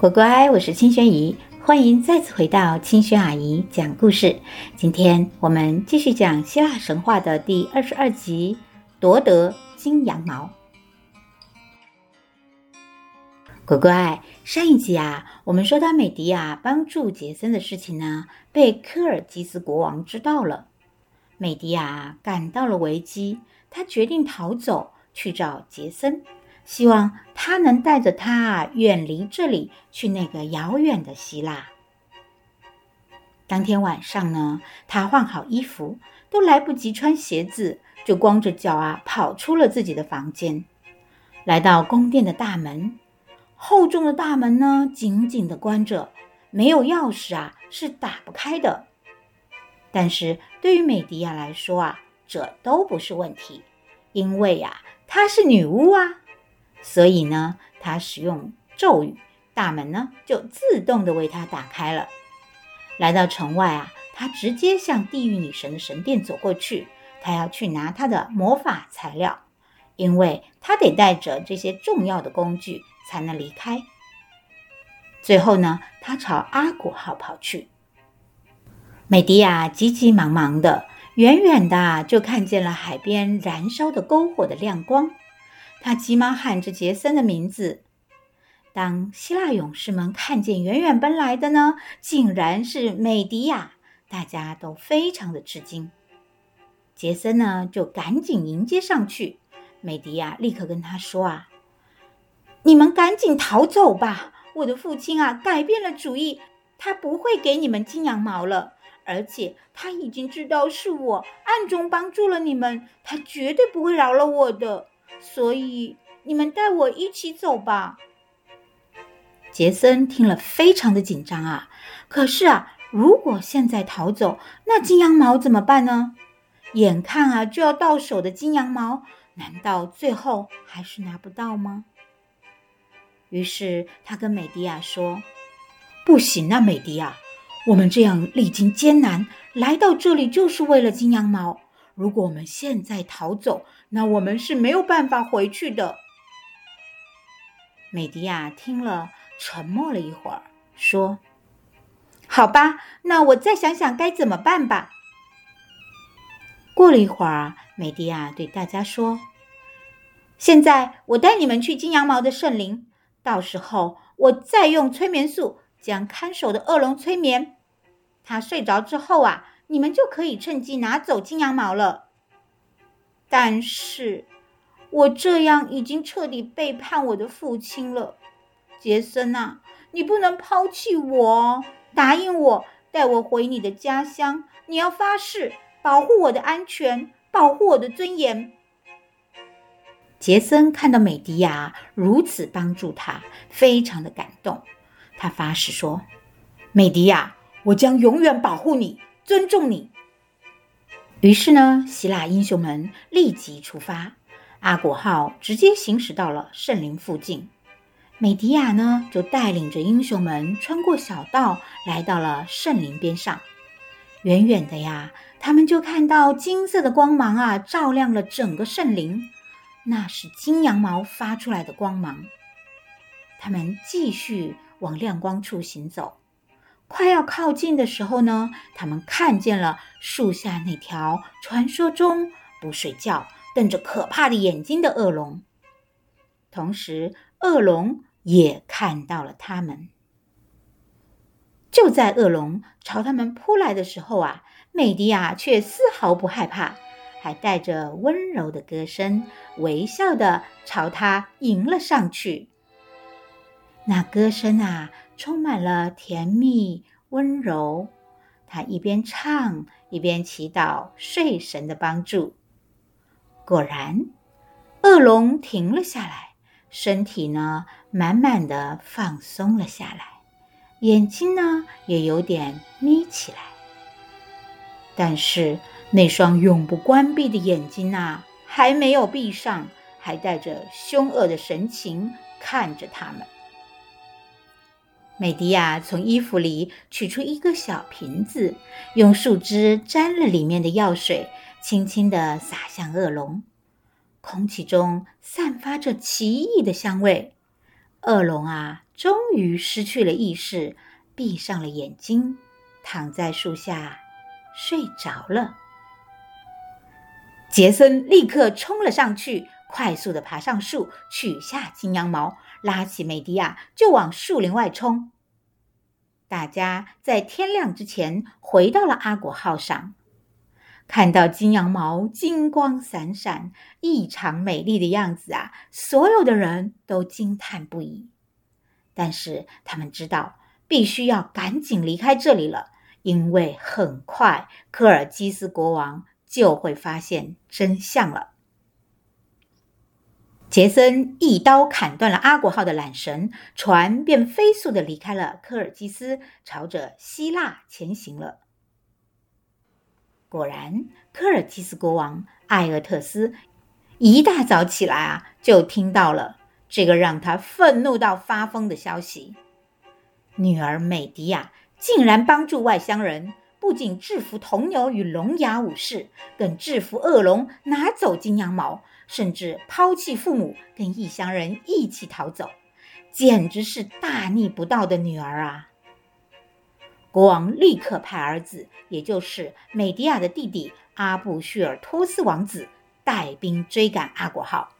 乖乖，我是青萱姨，歡迎再次回到青萱阿姨講故事。今天我們繼續講希臘神話的第二十二集《奪得金羊毛》。乖乖，上一集啊，我們說到美狄亞幫助傑森的事情呢，被科爾基斯國王知道了，美狄亞感到了危機，她決定逃走去找傑森。希望他能帶着她啊，遠離這裡，去那個遙遠的希臘。當天晚上呢，他換好衣服，都來不及穿鞋子，就光着腳啊跑出了自己的房間，來到宮殿的大門。厚重的大門呢，緊緊的關着，沒有鑰匙啊，是打不開的。但是對於美狄亞來說啊，這都不是問題，因為呀、啊，她是女巫啊。所以呢，他使用咒語，大門呢就自動的為他打開了。來到城外啊，他直接向地獄女神的神殿走過去，他要去拿他的魔法材料，因為他得帶着這些重要的工具才能離開。最後呢，他朝阿古號跑去。美狄亞，啊，急急忙忙的，遠遠的啊，就看見了海邊燃燒的篝火的亮光。他急忙喊着傑森的名字。當希臘勇士們看見遠遠奔來的呢，竟然是美狄亞，大家都非常的吃驚。傑森呢，就趕緊迎接上去。美狄亞立刻跟他說：“啊，你們趕緊逃走吧！我的父親啊，改變了主意，他不會給你們金羊毛了。而且他已經知道是我暗中幫助了你們，他絕對不會饒了我的。”所以你們帶我一起走吧。傑森聽了非常的緊張啊，可是啊，如果現在逃走，那金羊毛怎麼辦呢？眼看啊就要到手的金羊毛，難道最後還是拿不到嗎？於是他跟美迪亞說：“不行啊，美迪亞，我們這樣歷經艱難來到這裡，就是為了金羊毛。”如果我們現在逃走，那我們是沒有辦法回去的。美迪亞聽了，沉默了一會兒，說：“好吧，那我再想想該怎麼辦吧。”過了一會兒，美迪亞對大家說：“現在我帶你們去金羊毛的聖林，到時候我再用催眠術將看守的惡龍催眠。他睡着之後啊。”你們就可以趁機拿走金羊毛了。但是，我這樣已經徹底背叛我的父親了，傑森啊，你不能拋棄我！答應我，帶我回你的家鄉，你要發誓保護我的安全，保護我的尊嚴。傑森看到美狄亞如此幫助他，非常的感動，他發誓說：“美狄亞，我將永遠保護你。”尊重你。於是呢，希臘英雄們立即出發，阿果號直接行駛到了聖林附近。美狄亞呢，就帶領着英雄們穿過小道，來到了聖林邊上。遠遠的呀，他們就看到金色的光芒啊，照亮了整個聖林，那是金羊毛發出來的光芒。他們繼續往亮光處行走。快要靠近的時候呢，他們看見了樹下那條傳說中不睡覺、瞪着可怕的眼睛的惡龍。同時，惡龍也看到了他們。就在惡龍朝他們撲來的時候啊，美狄亞卻絲毫不害怕，還帶着溫柔的歌聲，微笑地朝他迎了上去。那歌聲啊！充滿了甜蜜溫柔，他一邊唱一邊祈禱睡神的幫助。果然，惡龍停了下來，身體呢，慢慢地放鬆了下來，眼睛呢，也有點眯起來。但是那雙永不關閉的眼睛吶、啊，還沒有閉上，還帶着凶惡的神情看着他們。美迪亞從衣服裡取出一個小瓶子，用樹枝沾了裡面的藥水，輕輕地灑向惡龍。空氣中散發着奇異的香味。惡龍啊，終於失去了意識，閉上了眼睛，躺在樹下睡着了。傑森立刻衝了上去。快速地爬上樹，取下金羊毛，拉起美狄亞就往樹林外衝。大家在天亮之前回到了阿果號上，看到金羊毛金光閃閃、異常美麗的樣子啊，所有的人都驚嘆不已。但是他們知道，必須要趕緊離開這裡了，因為很快科爾基斯國王就會發現真相了。傑森一刀砍斷了阿國號的纜繩，船便飛速的離開了科爾基斯，朝着希臘前行了。果然，科爾基斯國王艾厄特斯一大早起來啊，就聽到了這個讓他憤怒到發瘋的消息：女兒美狄亞啊，竟然幫助外鄉人。不僅制服銅牛與龍牙武士，更制服惡龍，拿走金羊毛，甚至拋棄父母，跟異鄉人一起逃走，簡直是大逆不道的女兒啊！國王立刻派兒子，也就是美迪亞的弟弟阿布敘爾托斯王子帶兵追趕阿果號。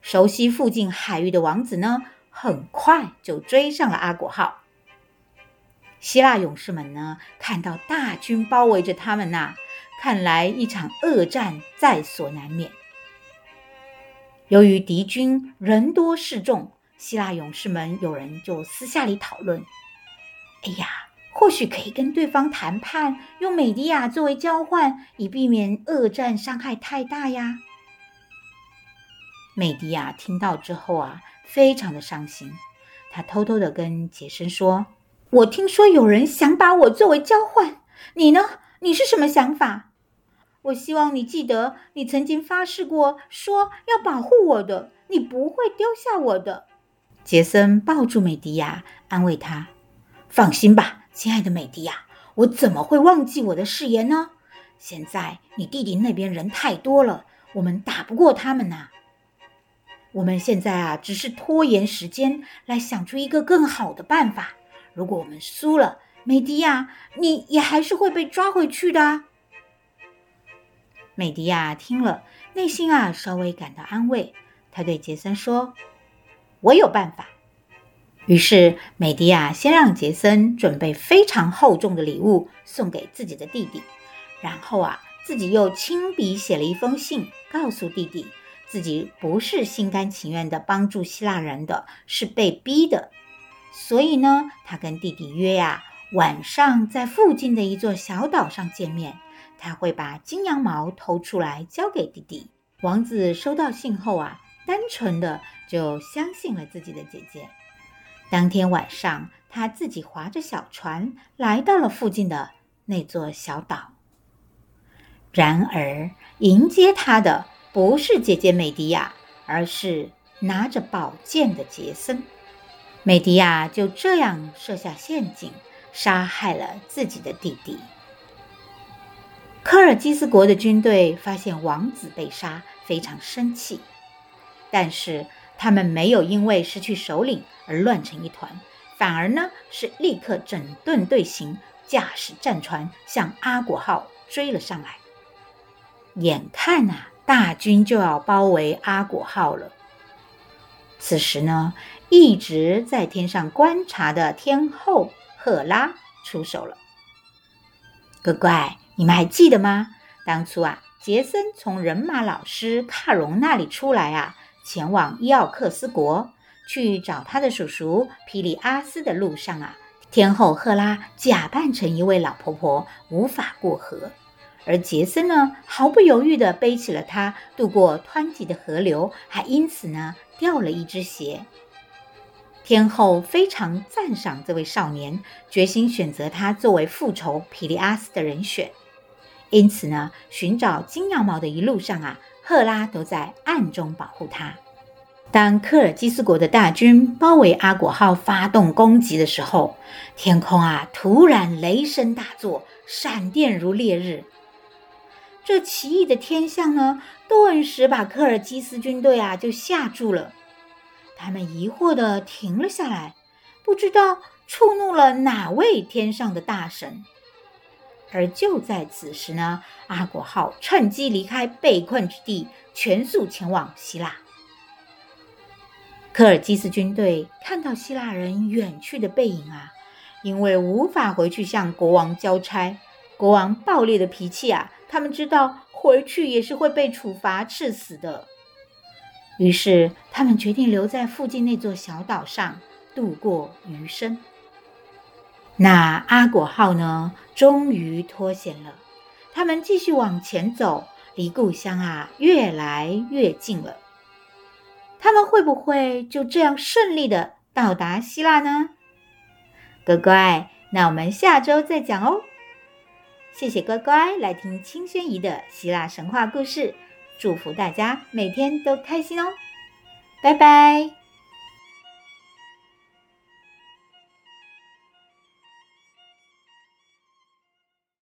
熟悉附近海域的王子呢，很快就追上了阿果號。希臘勇士們呢，看到大軍包圍着他們吶、啊，看來一場惡戰在所難免。由於敵軍人多勢眾，希臘勇士們有人就私下裡討論：“哎呀，或許可以跟對方談判，用美狄亞作為交換，以避免惡戰傷害太大呀。”美狄亞聽到之後啊，非常的傷心，他偷偷的跟傑森說。我聽說有人想把我作為交換，你呢？你是什麼想法？我希望你記得，你曾經發誓過，說要保護我的，你不會丟下我的。傑森抱住美迪亞，安慰她：“放心吧，親愛的美迪亞，我怎麼會忘記我的誓言呢？現在你弟弟那邊人太多了，我們打不過他們吶啊。我們現在啊，只是拖延時間，來想出一個更好的辦法。”如果我們輸了，美狄亞，你也還是會被抓回去的。美狄亞聽了，內心啊稍微感到安慰。他對傑森說：“我有辦法。”於是，美狄亞先讓傑森準備非常厚重的禮物送給自己的弟弟，然後啊，自己又親筆寫了一封信，告訴弟弟，自己不是心甘情願的幫助希臘人的，是被逼的。所以呢，他跟弟弟約呀、啊，晚上在附近的一座小島上見面。他會把金羊毛偷出來交給弟弟。王子收到信後啊，單純的就相信了自己的姐姐。當天晚上，他自己划着小船來到了附近的那座小島。然而，迎接他的不是姐姐美狄亞，而是拿着寶劍的傑森。美狄亞就這樣設下陷阱，殺害了自己的弟弟。科爾基斯國的軍隊發現王子被殺，非常生氣，但是他們沒有因為失去首領而亂成一團，反而呢是立刻整頓隊形，駕駛戰船向阿果號追了上來。眼看吶、啊，大軍就要包圍阿果號了。此時呢。一直在天上觀察的天後赫拉出手了。乖乖，你們還記得嗎？當初啊，傑森從人馬老師帕隆那裡出來啊，前往伊奧克斯國去找他的叔叔皮里阿斯的路上啊，天後赫拉假扮成一位老婆婆，無法過河，而傑森呢，毫不猶豫地背起了她，渡過湍急的河流，還因此呢掉了一隻鞋。天后非常讚賞這位少年，決心選擇他作為復仇皮利阿斯的人選。因此呢，尋找金羊毛的一路上啊，赫拉都在暗中保護他。當科爾基斯國的大軍包圍阿果號發動攻擊的時候，天空啊突然雷聲大作，閃電如烈日。這奇異的天象呢，頓時把科爾基斯軍隊啊就嚇住了。他們疑惑地停了下來，不知道觸怒了哪位天上的大神。而就在此時呢，阿果號趁機離開被困之地，全速前往希臘。科爾基斯軍隊看到希臘人遠去的背影啊，因為無法回去向國王交差，國王暴烈的脾氣啊，他們知道回去也是會被處罰賜死的。於是，他們決定留在附近那座小島上度過餘生。那阿果號呢，終於脫險了。他們繼續往前走，離故鄉啊越來越近了。他們會不會就這樣順利的到達希臘呢？乖乖，那我們下週再講哦。謝謝乖乖來聽青萱阿姨的希臘神話故事。祝福大家每天都開心哦！拜拜。